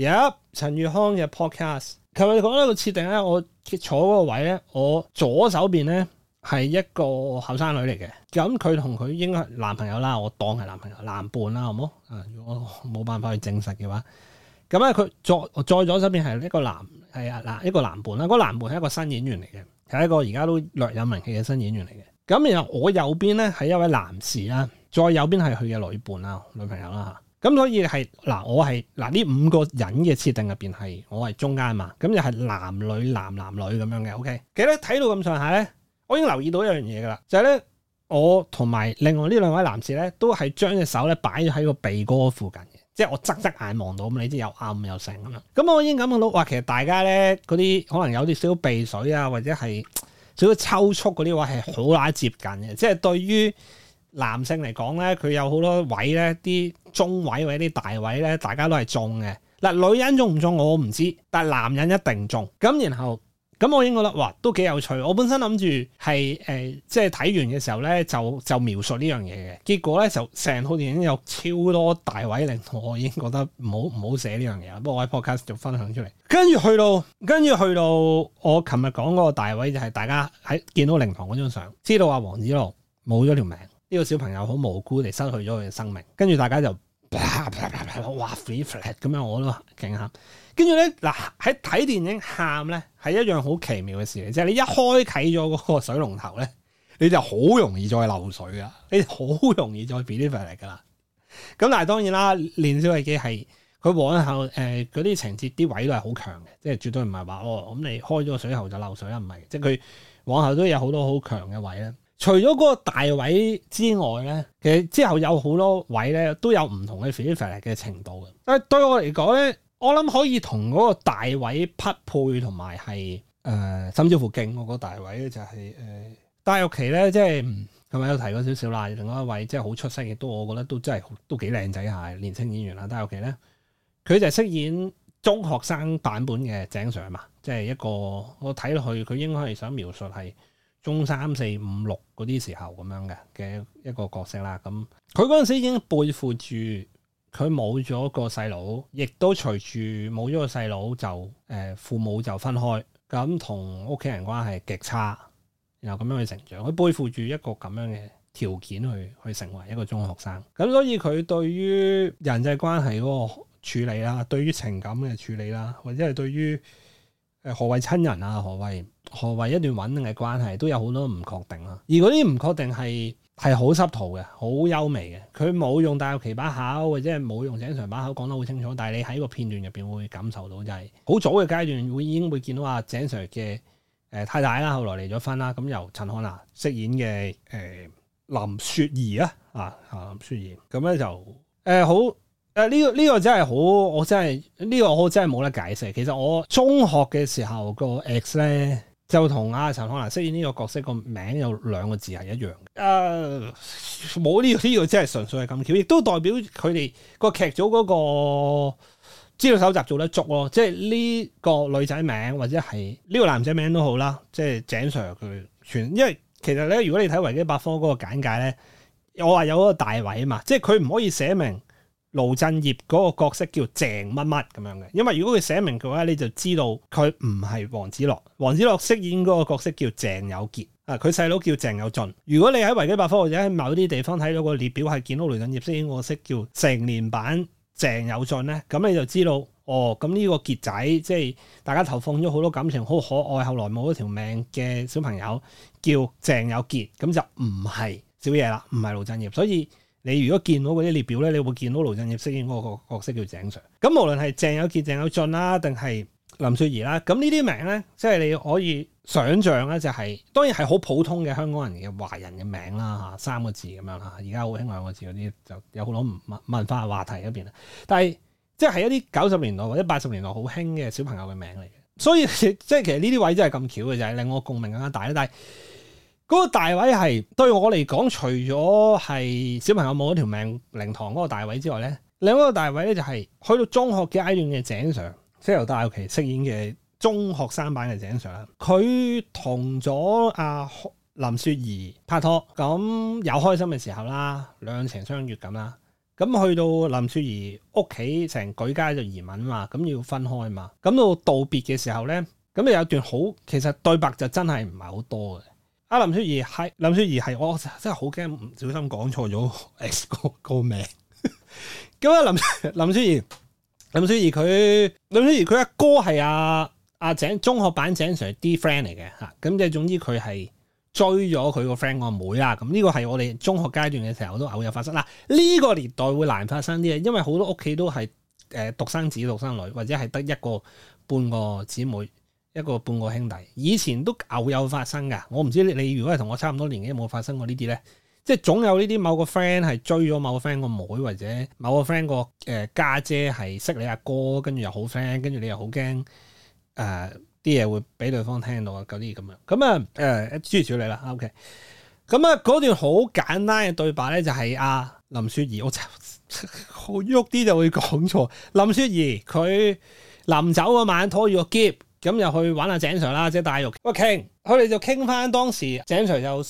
有一、yep, 陳宇康嘅 podcast，琴日講呢個設定咧，我坐嗰個位咧，我左手邊咧係一個後生女嚟嘅，咁佢同佢應該男朋友啦，我當係男朋友男伴啦，好冇？啊，如果冇辦法去證實嘅話，咁咧佢再再左手邊係一個男係啊嗱一個男伴啦，嗰、那個、男伴係一個新演員嚟嘅，係一個而家都略有名氣嘅新演員嚟嘅。咁然後我右邊咧係一位男士啦，再右邊係佢嘅女伴啦，女朋友啦嚇。咁、嗯、所以係嗱，我係嗱呢五個人嘅設定入邊係我係中間嘛，咁又係男女男男女咁樣嘅，OK。其實咧睇到咁上下咧，我已經留意到一樣嘢噶啦，就係、是、咧我同埋另外呢兩位男士咧，都係將隻手咧擺咗喺個鼻哥附近嘅，即係我側側眼望到咁，你知有暗又成咁樣！咁、嗯、我已經感覺到，哇，其實大家咧嗰啲可能有啲少少鼻水啊，或者係少少抽搐嗰啲話係好難接近嘅，即係對於。男性嚟講咧，佢有好多位咧，啲中位或者啲大位咧，大家都係中嘅。嗱，女人中唔中我唔知，但係男人一定中。咁然後咁，我已經覺得哇，都幾有趣。我本身諗住係誒，即係睇完嘅時候咧，就就描述呢樣嘢嘅。結果咧，就成套電影有超多大位令，我已經覺得唔好唔好寫呢樣嘢喇。不過我喺 podcast 做分享出嚟。跟住去到，跟住去到，我琴日講嗰個大位就係、是、大家喺見到靈堂嗰張相，知道阿黃子龍冇咗條命。呢個小朋友好無辜地失去咗佢嘅生命，跟住大家就啪啪啪啪，哇！free flow 咁樣我都勁喊。跟住咧，嗱喺睇電影喊咧，係一樣好奇妙嘅事嚟，即係你一開啟咗嗰個水龍頭咧，你就好容易再漏水噶，你好容易再 free flow 嚟噶啦。咁但係當然啦，年少日記係佢往後誒嗰啲情節啲位都係好強嘅，即係絕對唔係話哦，咁、嗯、你開咗個水喉就漏水啦，唔係，即係佢往後都有好多好強嘅位咧。除咗嗰個大位之外咧，其實之後有好多位咧都有唔同嘅感覺嘅程度嘅。但係對我嚟講咧，我諗可以同嗰個大位匹配，同埋係誒，甚至乎勁過嗰大位嘅就係、是、誒、呃、戴玉琪咧。即係同埋有提過少少啦，另外一位即係好出色嘅，都我覺得都真係都幾靚仔下，年青演員啦。戴玉琪咧，佢就係飾演中學生版本嘅井上嘛，即係一個我睇落去佢應該係想描述係。中三四五六嗰啲時候咁樣嘅嘅一個角色啦，咁佢嗰陣時已經背負住佢冇咗個細佬，亦都隨住冇咗個細佬就誒父母就分開，咁同屋企人關係極差，然後咁樣去成長，佢背負住一個咁樣嘅條件去去成為一個中學生，咁所以佢對於人際關係嗰個處理啦，對於情感嘅處理啦，或者係對於誒何謂親人啊，何謂？何為一段穩定嘅關係都有好多唔確定啊。而嗰啲唔確定係係好濕圖嘅，好優美嘅，佢冇用戴玉琪把口或者係冇用井 Sir 把口講得好清楚，但係你喺個片段入邊會感受到，就係好早嘅階段會已經會見到阿井 Sir 嘅誒太太啦，後來離咗婚啦，咁由陳漢娜飾演嘅誒林雪兒啊啊啊林雪兒，咁、啊、咧、啊、就誒好誒呢個呢、這個真係好，我真係呢、這個我真係冇得解釋。其實我中學嘅時候、那個 ex 咧。就同阿陳可能飾演呢個角色個名有兩個字係一樣，誒、呃，冇呢個呢個，這個、真係純粹係咁巧，亦都代表佢哋個劇組嗰個資料搜集做得足，即係呢個女仔名或者係呢個男仔名都好啦，即係井 Sir 佢全，因為其實咧，如果你睇維基百科嗰，那個簡介咧，我話有嗰個大位啊嘛，即係佢唔可以寫明。盧振業嗰個角色叫鄭乜乜咁樣嘅，因為如果佢寫明嘅話，你就知道佢唔係黃子樂。黃子樂飾演嗰個角色叫鄭有杰啊，佢細佬叫鄭有俊。如果你喺維基百科或者喺某啲地方睇到個列表，係見到盧振業飾演個角色叫成年版鄭有俊咧，咁你就知道哦。咁呢個杰仔即係大家投放咗好多感情、好可愛，後來冇咗條命嘅小朋友叫鄭有杰，咁就唔係小野啦，唔係盧振業，所以。你如果見到嗰啲列表咧，你會見到盧鎮業飾演嗰個角色叫井 Sir。咁無論係鄭有傑、鄭有俊啦，定係林雪兒啦，咁呢啲名咧，即、就、係、是、你可以想像咧、就是，就係當然係好普通嘅香港人嘅華人嘅名啦，嚇三個字咁樣啦。而家好興兩個字嗰啲，就有好多唔文文化嘅話題入邊啦。但係即係一啲九十年代或者八十年代好興嘅小朋友嘅名嚟嘅，所以即係其實呢啲位真係咁巧嘅，就係令我共鳴更加大啦。但係。嗰個大位係對我嚟講，除咗係小朋友冇一條命靈堂嗰個大位之外咧，另外一個大位咧就係、是、去到中學嘅階段嘅井上，即由戴大奇飾演嘅中學生版嘅井上，佢同咗阿林雪兒拍拖，咁有開心嘅時候啦，兩情相悅咁啦，咁去到林雪兒屋企成舉家就移民嘛，咁要分開嘛，咁到道別嘅時候咧，咁又有一段好，其實對白就真係唔係好多嘅。阿林雪兒係林雪兒係，我真係好驚唔小心講錯咗 X 個個名。咁阿林林雪兒林雪兒佢林雪兒佢阿哥係阿阿井中學版井 Sir D friend 嚟嘅吓，咁即係總之佢係追咗佢個 friend 個妹啦。咁呢個係我哋中學階段嘅時候都偶然發生。嗱呢個年代會難發生啲嘢，因為好多屋企都係誒獨生子獨生女，或者係得一個半個姊妹。一個半個兄弟，以前都偶有發生㗎。我唔知你，你如果係同我差唔多年紀，有冇發生過呢啲咧？即係總有呢啲某個 friend 係追咗某個 friend 個妹，妹，或者某個 friend 個誒家姐係識你阿哥，哥，跟住又好 friend，跟住你又好驚誒啲嘢會俾對方聽到啊！嗰啲咁樣咁啊誒，諸如此類啦。OK，咁啊嗰段好簡單嘅對白咧，就係、是、阿、啊、林雪兒，我好喐啲就會講錯。林雪兒佢臨走嗰晚拖住個咁又去玩下井 Sir 啦，即係大玉。喂，King，佢哋就傾翻當時井 Sir 就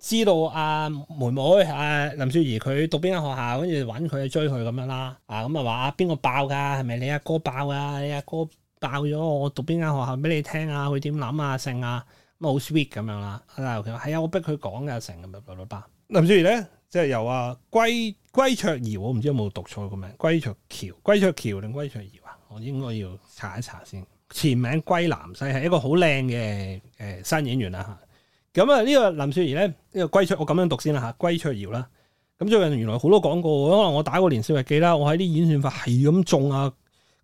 知道阿、啊、妹妹，阿、啊、林雪兒佢讀邊間學校，跟住搵佢去追佢咁樣啦。啊，咁啊話阿邊個爆噶？係咪你阿哥，哥爆噶？你阿哥，哥爆咗，我讀邊間學校俾你聽啊？佢點諗啊？成啊，咁好 sweet 咁樣啦，啊。大玉係、嗯、啊，我逼佢講嘅成咁樣老老伯。林雪兒咧，即係又阿歸歸卓瑤，我唔知有冇讀錯個名。歸卓橋、歸卓橋定歸卓瑤啊？我應該要查一查先。前名歸南西係一個好靚嘅誒新演員啦吓，咁啊呢個林雪兒咧呢、呢個歸卓我咁樣讀先啦吓，歸翠瑤啦，咁最近原來好多廣告，可能我打過年少日記啦，我喺啲演算法係咁中啊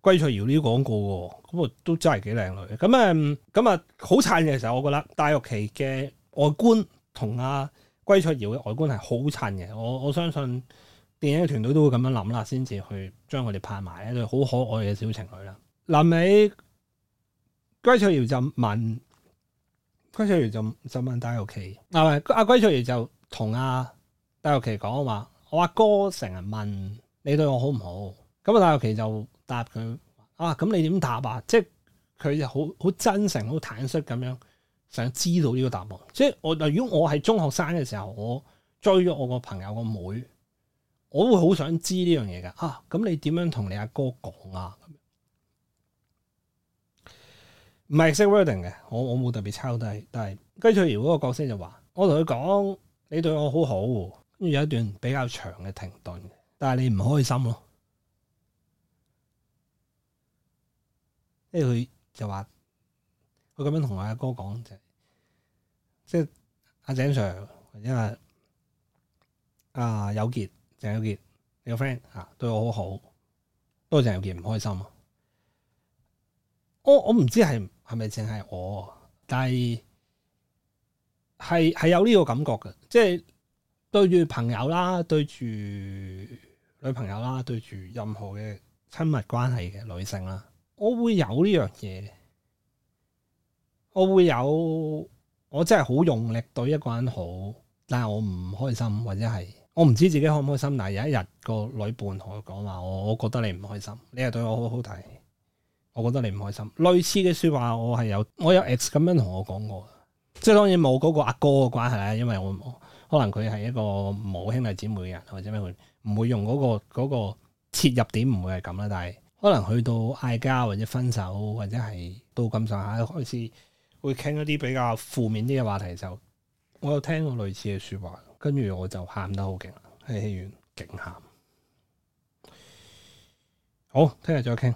歸翠瑤呢啲廣告，咁啊都真係幾靚女，咁啊咁啊好襯嘅，其、嗯、候我覺得戴玉琪嘅外觀同阿歸翠瑤嘅外觀係好襯嘅，我我相信電影嘅團隊都會咁樣諗啦，先至去將佢哋拍埋一對好可愛嘅小情侶啦，臨尾。關翠遙就問，關翠遙就就問戴玉琪，係咪阿歸翠瑤就同阿戴玉琪講啊話？我阿哥成日問你對我好唔好，咁啊戴玉琪就答佢啊，咁你點答啊？即係佢就好好真誠、好坦率咁樣，想知道呢個答案。即係我，如果我係中學生嘅時候，我追咗我個朋友個妹妹，我會好想知呢樣嘢㗎啊！咁你點樣同你阿哥講啊？唔係 exact wording 嘅，我我冇特別抄低，但係姜翠瑤嗰個角色就話，我同佢講你對我好好，跟住有一段比較長嘅停頓，但係你唔開心咯，即係佢就話，佢咁樣同我阿哥講就係，即係阿井 Sir 或者阿阿友傑鄭友傑，你個 friend 吓對我好好，鄭不過鄭友傑唔開心，我我唔知係。係咪淨係我？但係係係有呢個感覺㗎，即係對住朋友啦，對住女朋友啦，對住任何嘅親密關係嘅女性啦，我會有呢樣嘢，我會有，我真係好用力對一個人好，但係我唔開心，或者係我唔知自己開唔開心。但係有一日個女伴同我講話，「我我覺得你唔開心，你又對我好好睇。」我覺得你唔開心，類似嘅説話我係有，我有 X 咁樣同我講過，即係當然冇嗰個阿哥嘅關係啦，因為我可能佢係一個冇兄弟姊妹嘅人，或者咩會唔會用嗰個嗰個切入點唔會係咁啦，但係可能去到嗌交或者分手或者係到咁上下開始會傾一啲比較負面啲嘅話題，就我有聽過類似嘅説話，跟住我就喊得好勁，喺戲院勁喊，好，聽日再傾。